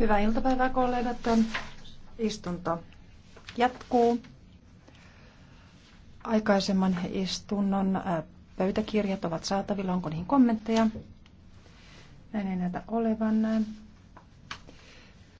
Hyvää iltapäivää kollegat. Istunto jatkuu. Aikaisemman istunnon äh, pöytäkirjat ovat saatavilla. Onko niihin kommentteja? Näin ei näytä olevan.